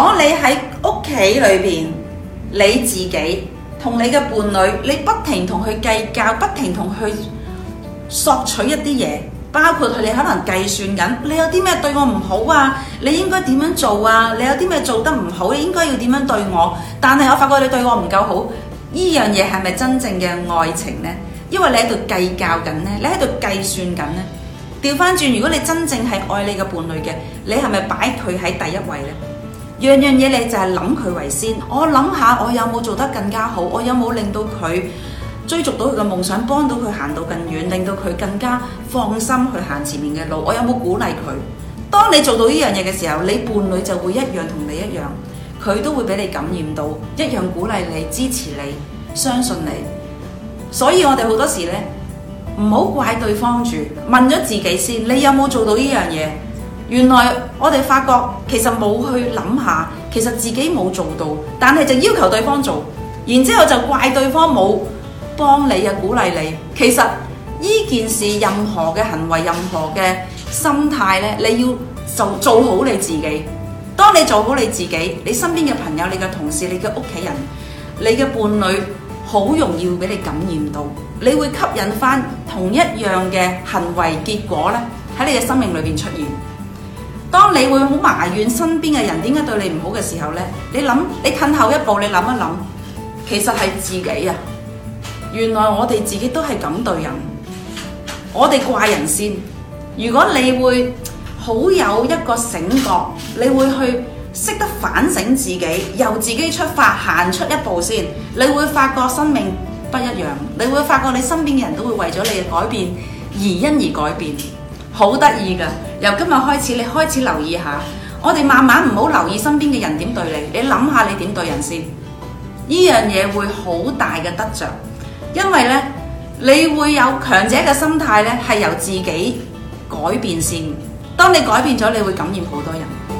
我、oh, 你喺屋企裏邊，你自己同你嘅伴侶，你不停同佢計較，不停同佢索取一啲嘢，包括佢你可能計算緊，你有啲咩對我唔好啊？你應該點樣做啊？你有啲咩做得唔好，你應該要點樣對我？但係我發覺你對我唔夠好，呢樣嘢係咪真正嘅愛情呢？因為你喺度計較緊呢，你喺度計算緊呢。調翻轉，如果你真正係愛你嘅伴侶嘅，你係咪擺佢喺第一位呢？」樣樣嘢你就係諗佢為先，我諗下我有冇做得更加好，我有冇令到佢追逐到佢嘅夢想，幫到佢行到更遠，令到佢更加放心去行前面嘅路，我有冇鼓勵佢？當你做到呢樣嘢嘅時候，你伴侶就會一樣同你一樣，佢都會俾你感染到，一樣鼓勵你、支持你、相信你。所以我哋好多時呢，唔好怪對方住，問咗自己先，你有冇做到呢樣嘢？原來我哋發覺其實冇去諗下，其實自己冇做到，但係就要求對方做，然之後就怪對方冇幫你啊，鼓勵你。其實呢件事，任何嘅行為，任何嘅心態咧，你要就做，做好你自己。當你做好你自己，你身邊嘅朋友、你嘅同事、你嘅屋企人、你嘅伴侶，好容易會俾你感染到，你會吸引翻同一樣嘅行為結果咧喺你嘅生命裏邊出現。當你會好埋怨身邊嘅人點解對你唔好嘅時候呢，你諗你退後一步，你諗一諗，其實係自己啊！原來我哋自己都係咁對人，我哋怪人先。如果你會好有一個醒覺，你會去識得反省自己，由自己出發行出一步先，你會發覺生命不一樣，你會發覺你身邊嘅人都會為咗你嘅改變而因而改變。好得意㗎！由今日開始，你開始留意下，我哋慢慢唔好留意身邊嘅人點對你。你諗下你點對人先？呢樣嘢會好大嘅得着，因為呢，你會有強者嘅心態，呢係由自己改變先。當你改變咗，你會感染好多人。